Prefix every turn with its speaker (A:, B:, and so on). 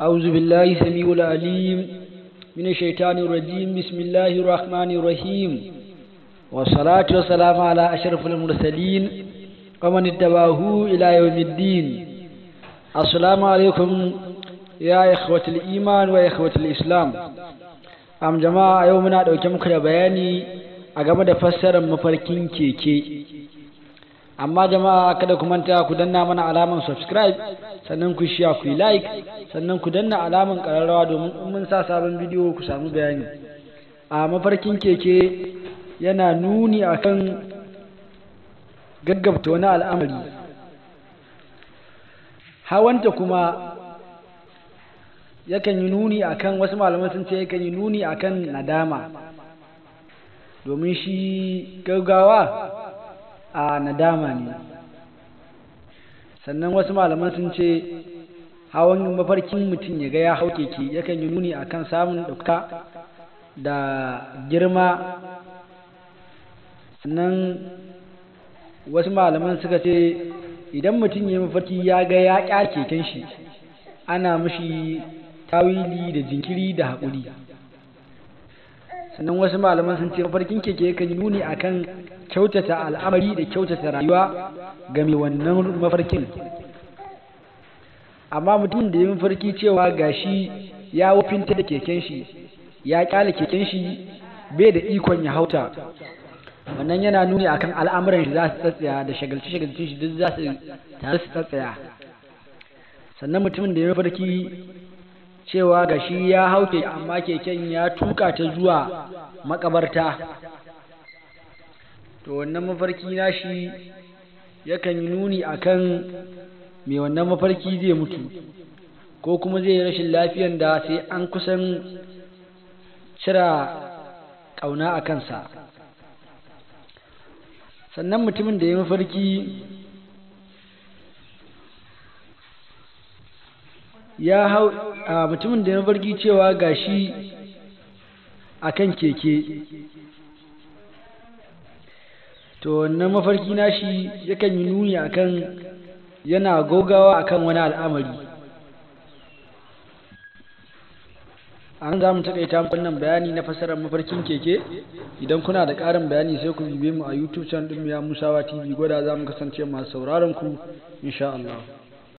A: أعوذ بالله سميع العليم من الشيطان الرجيم بسم الله الرحمن الرحيم والصلاة والسلام على أشرف المرسلين ومن اتبعه إلى يوم الدين السلام عليكم يا إخوة الإيمان وإخوة الإسلام أم جماعة يومنا muna ɗauke بياني da bayani مفركين كي كي أما جماعة keke amma jama'a من علامة سبسكرايب ku danna mana alamar subscribe like sannan ku danna alaman ƙararrawa domin in mun sa sabon bidiyo ku samu bayani a mafarkin keke yana nuni akan gaggabta wani al'amari hawanta kuma yakan yi nuni akan wasu malaman sun ce yakan yi nuni akan nadama domin shi gaggawa a nadama ne sannan wasu malaman sun ce hawan mafarkin mutum ya ga hau keke yakan yi nuni akan samun dauka da girma sannan wasu malaman suka ce idan mutum ya mafarki ya ga ya keken shi ana mashi tawili da jinkiri da haƙuri sannan wasu malaman sun ce mafarkin keke yakan yi nuni akan kyautata al'amari da kyautata rayuwa ga mai wannan mafarkin amma mutum da ya mafarki cewa gashi ya wafinta da keken shi ya kyale keken shi bai da ikon ya hauta wannan yana nuni akan al'amuran shi za su tsatsaya da shagalci shagalci shi duk za su tare su tsatsaya sannan mutumin da ya mafarki cewa gashi ya hauke amma keken ya tuka ta zuwa makabarta to wannan mafarki na shi yakan yi nuni akan mai wannan mafarki zai mutu ko kuma zai rashin lafiyan da sai an kusan cira ƙauna a kansa sannan mutumin da ya mafarki ya hau a mutumin da ya mafarki cewa gashi a kan keke to wannan mafarki nashi yakan yi nuni akan yana gogawa akan wani al'amari a nan za mu taƙaita wannan bayani na fasarar mafarkin keke idan kuna da ƙarin bayani sai ku bibe mu a youtube channel ɗin ya musawa tv gwada za mu kasance masu sauraron ku insha Allah